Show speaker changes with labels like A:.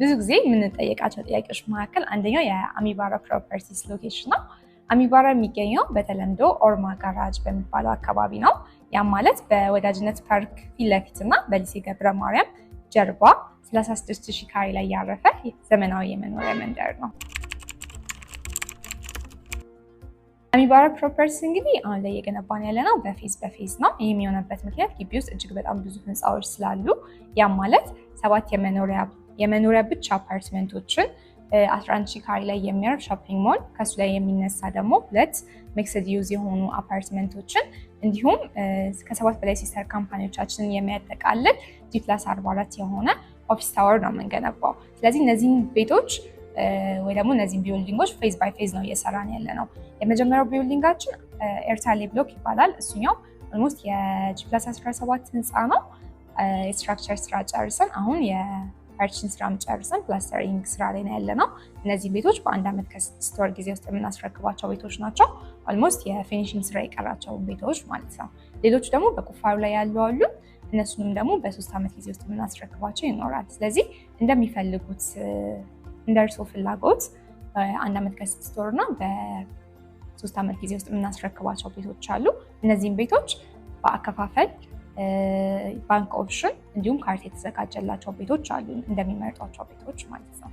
A: ብዙ ጊዜ የምንጠየቃቸው ጥያቄዎች መካከል አንደኛው የአሚባራ ፕሮፐርቲስ ሎኬሽን ነው። አሚባራ የሚገኘው በተለምዶ ኦርማ ጋራጅ በሚባለው አካባቢ ነው። ያም ማለት በወዳጅነት ፓርክ ፊት ለፊት እና በሊሴ ገብረ ማርያም ጀርባ 36 ሺህ ካሬ ላይ ያረፈ ዘመናዊ የመኖሪያ መንደር ነው። አሚባራ ፕሮፐርቲስ እንግዲህ አሁን ላይ እየገነባን ያለ ነው በፌዝ በፌዝ ነው። ይህም የሆነበት ምክንያት ግቢ ውስጥ እጅግ በጣም ብዙ ህንፃዎች ስላሉ ያም ማለት ሰባት የመኖሪያ የመኖሪያ ብቻ አፓርትመንቶችን 11 ሺ ካሬ ላይ የሚያርብ ሾፒንግ ሞል ከሱ ላይ የሚነሳ ደግሞ ሁለት ሚክስድ ዩዝ የሆኑ አፓርትመንቶችን እንዲሁም ከሰባት በላይ ሲስተር ካምፓኒዎቻችንን የሚያጠቃልል ጂፕላስ 44 የሆነ ኦፊስ ታወር ነው የምንገነባው። ስለዚህ እነዚህን ቤቶች ወይ ደግሞ እነዚህን ቢልዲንጎች ፌዝ ባይ ፌዝ ነው እየሰራን ያለ ነው። የመጀመሪያው ቢልዲንጋችን ኤርታሌ ብሎክ ይባላል። እሱኛው ኦልሞስት የጂፕላስ 17 ህንፃ ነው። የስትራክቸር ስራ ጨርሰን አሁን ፐርችን ስራም ጨርሰን ፕላስተሪንግ ስራ ላይ ነው ያለ ነው። እነዚህ ቤቶች በአንድ ዓመት ከስድስት ወር ጊዜ ውስጥ የምናስረክባቸው ቤቶች ናቸው። ኦልሞስት የፊኒሽንግ ስራ የቀራቸው ቤቶች ማለት ነው። ሌሎቹ ደግሞ በቁፋሩ ላይ ያሉ አሉ። እነሱንም ደግሞ በሶስት ዓመት ጊዜ ውስጥ የምናስረክባቸው ይኖራል። ስለዚህ እንደሚፈልጉት እንደ እርስ ፍላጎት በአንድ ዓመት ከስድስት ወር እና በሶስት ዓመት ጊዜ ውስጥ የምናስረክባቸው ቤቶች አሉ። እነዚህም ቤቶች በአከፋፈል ባንክ ኦፕሽን እንዲሁም ካርት የተዘጋጀላቸው ቤቶች አሉ እንደሚመርጧቸው ቤቶች ማለት ነው።